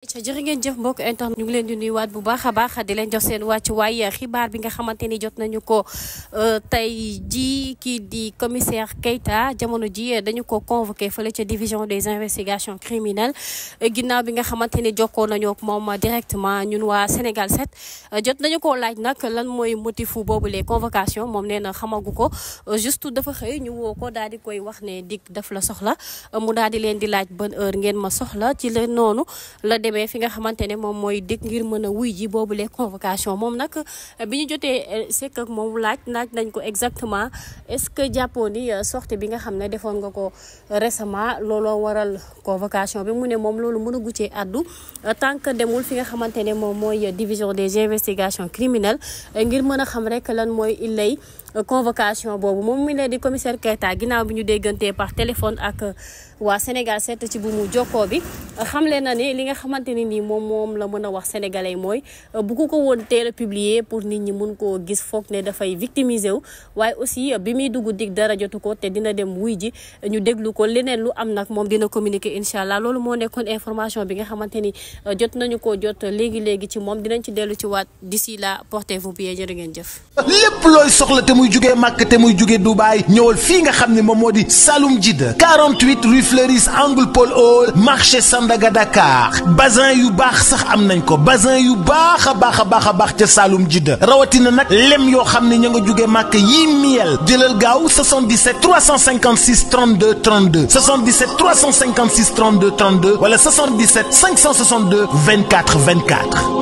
ca jërë ngeen jëf mbokk internet ñu ngi leen di nuyuwaat bu baax a baax di leen jox seen wàcc waaye xibaar bi nga xamante ni jot nañu ko euh, tey ji kii di commissaire Keita jamono ji euh, dañu ko convoqué fële ci division des investigations criminelles euh, ginnaaw bi nga xamante ni jokkoo nañu ak moom directement ñun waa Sénégal 7 jot nañu ko laaj nag lan mooy motifu boobu les convocation moom nee na xamagu ko juste dafa xëy ñu woo ko daal di koy wax ne dikk daf la soxla mu daal di leen di laaj ban heure ngeen ma soxla ci la mais fi nga xamante ne moom mooy dëkk ngir mën a wuy ji boobu boobule convocation moom nag eh, bi ñu jotee eh, sekk ak moom laaj laaj nañ ko exactement est-ce que jàppoon ni eh, sortie bi nga xam ne defoon nga ko récemment looloo waral convocation bi mu ne moom loolu mën a guccee addu tant que demul fi nga xamante ne moom mooy division des investigations criminelles ngir mën a xam rek lan mooy illay convocation boobu moom mu ne di commissaire Keita ginnaaw bi ñu déggantee par téléphone ak waa Sénégal seet ci bu mu jokkoo bi xamle na ne li nga xamante ne nii moom moom la mën a wax sénégalais mooy euh, bu ko ko woon teel a publier pour nit ñi mun koo gis foog ne dafay victimiser wu waaye aussi euh, bi muy dugg dig dara jotu ko te dina dem wuy ji ñu déglu ko leneen lu am nag moom dina communiqué incha allah loolu moo nekkoon information bi nga xamante ni euh, jot nañu ko jot léegi léegi ci moom dinañ ci dellu ci waat d'ici la portez-vous bien jërë ngeen jëf. lépp looy soxla te muy jugee Màkk te muy jugee Dubaay nga xam ne moom moo di Saloum Jide 48 rue Fleuris Sandaga Dakar bazin yu baax sax am nañ ko basin yu baax a baax a baax a baax ji Saalum jidda rawatina nag lem yoo xam ne ña nga jóge màkk yii miel jëlal gaaw 77 356 32 32 77 356 32 32 wala 77 562